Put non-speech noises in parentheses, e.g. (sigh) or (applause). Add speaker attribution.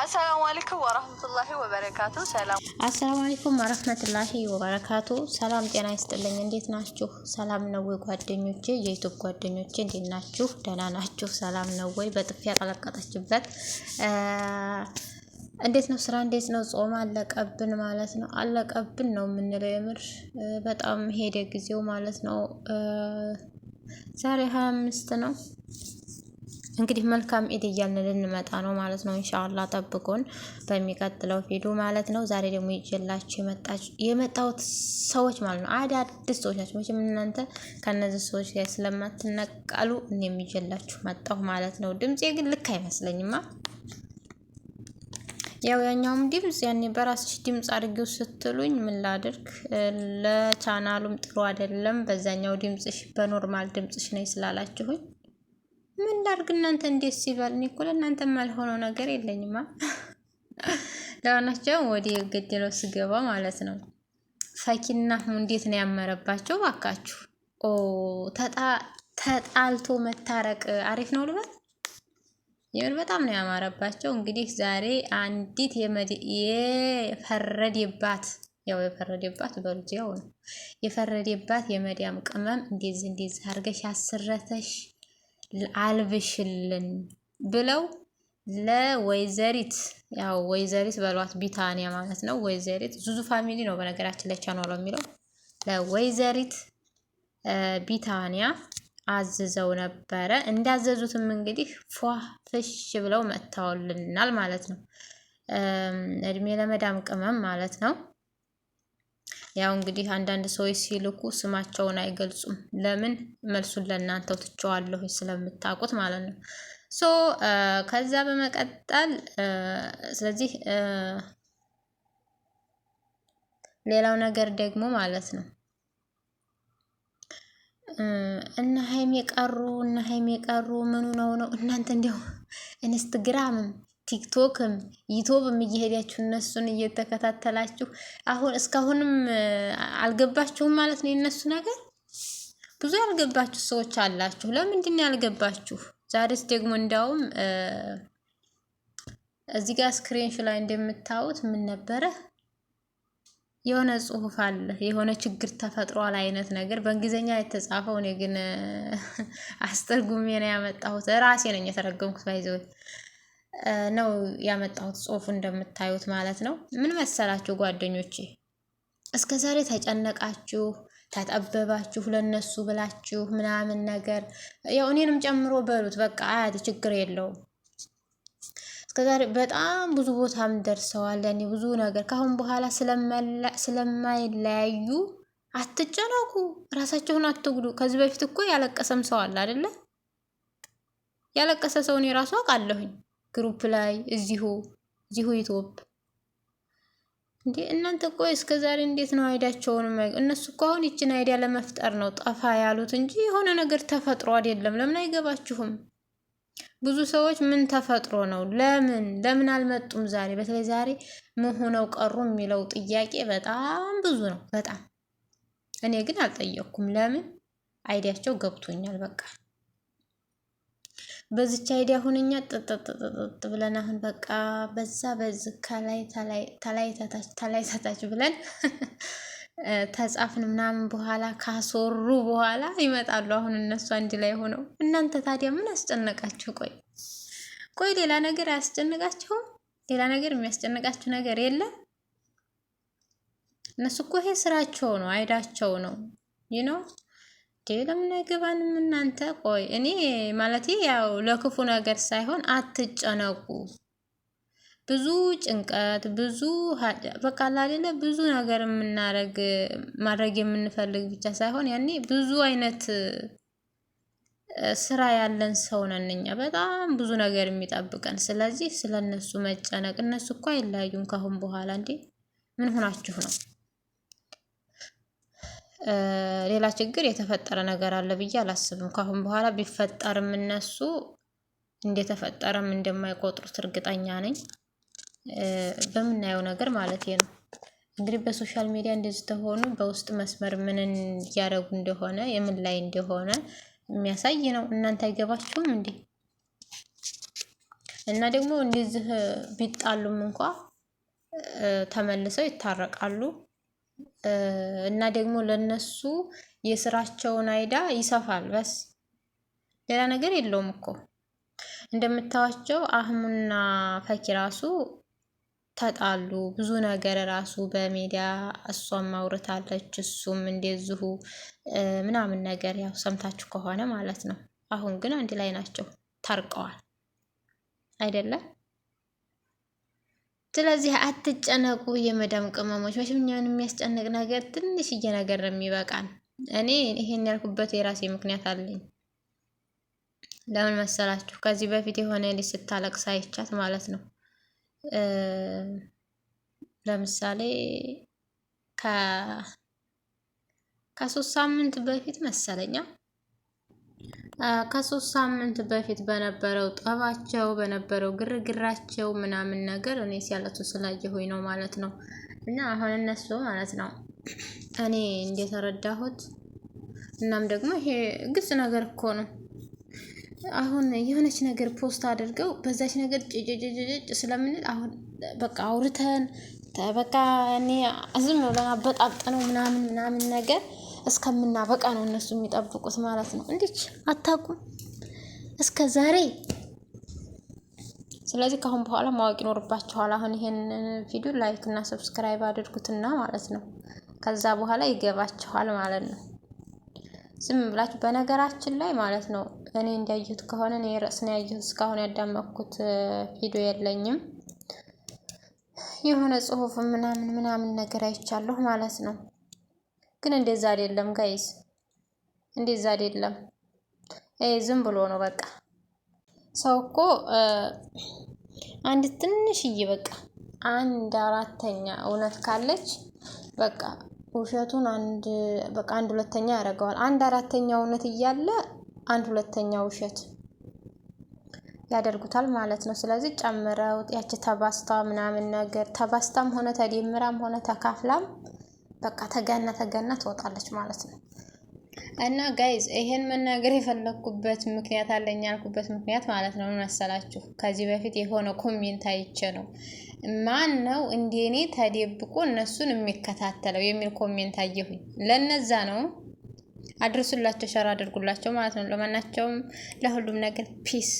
Speaker 1: አሰላሙ አለይኩም ወራህመቱላሂ ወበረካቱ። ሰላም አሰላሙ አለይኩም ወራህመቱላሂ ወበረካቱ። ሰላም ጤና ይስጥልኝ። እንዴት ናችሁ? ሰላም ነው ወይ ጓደኞቼ? የዩቱብ ጓደኞቼ እንዴት ናችሁ? ደህና ናችሁ? ሰላም ነው ወይ? በጥፊ ያቀለቀጠችበት እንዴት ነው ስራ? እንዴት ነው ጾም? አለቀብን ማለት ነው። አለቀብን ነው የምንለው። የምር በጣም ሄደ ጊዜው ማለት ነው። ዛሬ ሀያ አምስት ነው እንግዲህ መልካም ኢድ እያልን ልንመጣ ነው ማለት ነው። ኢንሻአላህ ጠብቁን በሚቀጥለው ቪዲዮ ማለት ነው። ዛሬ ደግሞ ይዤላችሁ የመጣሁት ሰዎች ማለት ነው አዳዲስ ሰዎች ናቸው። መቼም እናንተ ከነዚህ ሰዎች ጋር ስለማትነቃሉ እኔም ይዤላችሁ መጣሁ ማለት ነው። ድምፄ ግን ልክ አይመስለኝማ። ያው ያኛውም ድምፅ ያኔ በራስሽ ድምፅ አድርጊው ስትሉኝ ምን ላድርግ፣ ለቻናሉም ጥሩ አይደለም። በዛኛው ድምፅሽ በኖርማል ድምፅሽ ነኝ ስላላችሁኝ እንዳርግ እናንተ እንዴት ሲበል እኔ እኮ ለእናንተ የማልሆነው ነገር የለኝማ። ለሆናቸውም ወደ የገደለው ስገባ ማለት ነው ፈኪና እንዴት ነው ያመረባቸው ባካችሁ። ኦ ተጣልቶ መታረቅ አሪፍ ነው ልበል። ይሁን በጣም ነው ያማረባቸው። እንግዲህ ዛሬ አንዲት የፈረደባት ያው የፈረደባት በልጅ ያው ነው የፈረደባት የመዲያም ቅመም እንደዚህ እንደዚህ አድርገሽ አስረተሽ አልብሽልን ብለው ለወይዘሪት ያው ወይዘሪት በሏት ቢታንያ ማለት ነው። ወይዘሪት ዙዙ ፋሚሊ ነው በነገራችን ላይ ቻናሏ የሚለው ለወይዘሪት ቢታንያ አዝዘው ነበረ። እንዳዘዙትም እንግዲህ ፏ ፍሽ ብለው መጥተውልናል ማለት ነው። እድሜ ለመዳም ቅመም ማለት ነው። ያው እንግዲህ አንዳንድ ሰዎች ሲልኩ ስማቸውን አይገልጹም። ለምን መልሱን ለእናንተው ትቼዋለሁ ስለምታውቁት ማለት ነው። ሶ ከዛ በመቀጠል ስለዚህ ሌላው ነገር ደግሞ ማለት ነው እና ሀይሜ ቀሩ እና ሀይሜ ቀሩ ምኑ ነው ነው እናንተ እንዲያው ኢንስትግራምም ቲክቶክም ዩቱብም እየሄዳችሁ እነሱን እየተከታተላችሁ አሁን እስካሁንም አልገባችሁም ማለት ነው። የእነሱ ነገር ብዙ ያልገባችሁ ሰዎች አላችሁ። ለምንድን ነው ያልገባችሁ? ዛሬስ ደግሞ እንዲያውም እዚህ ጋር ስክሪንሹ ላይ እንደምታዩት ምን ነበረ? የሆነ ጽሁፍ አለ። የሆነ ችግር ተፈጥሯል አይነት ነገር በእንግሊዝኛ የተጻፈው። እኔ ግን አስተርጉሜ ነው ያመጣሁት። ራሴ ነኝ የተረገምኩት ባይዘወይ ነው ያመጣሁት ጽሁፉ እንደምታዩት ማለት ነው። ምን መሰላችሁ ጓደኞቼ፣ እስከ ዛሬ ተጨነቃችሁ፣ ተጠበባችሁ ለነሱ ብላችሁ ምናምን ነገር ያው እኔንም ጨምሮ በሉት በቃ አያት ችግር የለውም። እስከዛሬ በጣም ብዙ ቦታም ደርሰዋል። ብዙ ነገር ከአሁን በኋላ ስለማይለያዩ አትጨነቁ፣ ራሳቸውን አትጉዱ። ከዚህ በፊት እኮ ያለቀሰም ሰው አለ አይደለ? ያለቀሰ ሰውን የራሱ አውቃለሁኝ። ግሩፕ ላይ እዚሁ እዚሁ ዩቱብ እንዴ እናንተ እኮ እስከ ዛሬ እንዴት ነው አይዳቸውን? እነሱ እኮ አሁን ይችን አይዲያ ለመፍጠር ነው ጠፋ ያሉት እንጂ የሆነ ነገር ተፈጥሮ አይደለም። ለምን አይገባችሁም? ብዙ ሰዎች ምን ተፈጥሮ ነው ለምን ለምን አልመጡም ዛሬ በተለይ ዛሬ ምን ሆነው ቀሩ የሚለው ጥያቄ በጣም ብዙ ነው። በጣም እኔ ግን አልጠየቅኩም። ለምን አይዲያቸው ገብቶኛል በቃ። በዚች አይዲያ አሁን እኛ ጥጥጥጥጥ ብለን አሁን በቃ በዛ በዝ ከላይ ተላይ ተታች ብለን (laughs) ተጻፍን ምናምን በኋላ ካሶሩ በኋላ ይመጣሉ። አሁን እነሱ አንድ ላይ ሆነው እናንተ ታዲያ ምን አስጨነቃችሁ? ቆይ ቆይ ሌላ ነገር አያስጨንቃችሁም? ሌላ ነገር የሚያስጨንቃችሁ ነገር የለም? እነሱ እኮ ይሄ ስራቸው ነው፣ አይዳቸው ነው ይህ ለምን አይገባንም? እናንተ ቆይ እኔ ማለት ያው ለክፉ ነገር ሳይሆን አትጨነቁ። ብዙ ጭንቀት ብዙ በቃ ብዙ ነገር የምናረግ ማድረግ የምንፈልግ ብቻ ሳይሆን ያኔ ብዙ አይነት ስራ ያለን ሰው ነን እኛ በጣም ብዙ ነገር የሚጠብቀን። ስለዚህ ስለ እነሱ መጨነቅ እነሱ እኮ አይለያዩም ካሁን በኋላ እንዴ ምን ሆናችሁ ነው? ሌላ ችግር የተፈጠረ ነገር አለ ብዬ አላስብም። ካሁን በኋላ ቢፈጠርም እነሱ እንደተፈጠረም እንደማይቆጥሩት እርግጠኛ ነኝ። በምናየው ነገር ማለት ነው። እንግዲህ በሶሻል ሚዲያ እንደዚህ ተሆኑ በውስጥ መስመር ምንን እያደረጉ እንደሆነ የምን ላይ እንደሆነ የሚያሳይ ነው። እናንተ አይገባችሁም እንዴ? እና ደግሞ እንደዚህ ቢጣሉም እንኳ ተመልሰው ይታረቃሉ። እና ደግሞ ለነሱ የስራቸውን አይዳ ይሰፋል። በስ ሌላ ነገር የለውም እኮ እንደምታዋቸው አህሙና ፈኪ ራሱ ተጣሉ። ብዙ ነገር ራሱ በሜዲያ እሷም አውርታለች እሱም እንደዚሁ ምናምን ነገር ያው ሰምታችሁ ከሆነ ማለት ነው። አሁን ግን አንድ ላይ ናቸው፣ ታርቀዋል አይደለም። ስለዚህ አትጨነቁ የመዳም ቅመሞች። መቼም እኛን የሚያስጨንቅ ነገር ትንሽዬ ነገር ነው የሚበቃን። እኔ ይሄን ያልኩበት የራሴ ምክንያት አለኝ። ለምን መሰላችሁ? ከዚህ በፊት የሆነ ልጅ ስታለቅስ አይቻት ማለት ነው። ለምሳሌ ከሶስት ሳምንት በፊት መሰለኛ ከሶስት ሳምንት በፊት በነበረው ጠባቸው በነበረው ግርግራቸው ምናምን ነገር እኔ ሲያለቅሱ ስላየሁኝ ነው ማለት ነው። እና አሁን እነሱ ማለት ነው እኔ እንደተረዳሁት እናም ደግሞ ይሄ ግልጽ ነገር እኮ ነው። አሁን የሆነች ነገር ፖስት አድርገው በዛች ነገር ጭጭጭጭጭ ስለምንል አሁን በቃ አውርተን በቃ እኔ ዝም ብለን አበጣብጠነው ምናምን ምናምን ነገር እስከምናበቃ ነው እነሱ የሚጠብቁት ማለት ነው። እንዲች አታውቁም እስከ ዛሬ። ስለዚህ ከአሁን በኋላ ማወቅ ይኖርባችኋል። አሁን ይሄን ቪዲዮ ላይክ እና ሰብስክራይብ አድርጉትና ማለት ነው። ከዛ በኋላ ይገባችኋል ማለት ነው። ዝም ብላችሁ በነገራችን ላይ ማለት ነው። እኔ እንዲያየሁት ከሆነ እኔ ርዕስ ነው ያየሁት። እስካሁን ያዳመኩት ቪዲዮ የለኝም። የሆነ ጽሁፍ ምናምን ምናምን ነገር አይቻለሁ ማለት ነው። ግን እንደዛ አይደለም ጋይስ፣ እንደዛ አይደለም። ይሄ ዝም ብሎ ነው በቃ። ሰው እኮ አንድ ትንሽዬ በቃ አንድ አራተኛ እውነት ካለች በቃ ውሸቱን አንድ በቃ አንድ ሁለተኛ ያደርገዋል። አንድ አራተኛ እውነት እያለ አንድ ሁለተኛ ውሸት ያደርጉታል ማለት ነው። ስለዚህ ጨምረው ያቺ ተባስታ ምናምን ነገር ተባስታም ሆነ ተደምራም ሆነ ተካፍላም በቃ ተገና ተገና ትወጣለች ማለት ነው። እና ጋይዝ ይሄን መናገር የፈለግኩበት ምክንያት አለኝ ያልኩበት ምክንያት ማለት ነው መሰላችሁ፣ ከዚህ በፊት የሆነ ኮሜንት አይቼ ነው ማን ነው እንደ እኔ ተደብቆ እነሱን የሚከታተለው የሚል ኮሜንት አየሁኝ። ለነዛ ነው አድርሱላቸው፣ ሸር አድርጉላቸው ማለት ነው። ለማናቸውም ለሁሉም ነገር ፒስ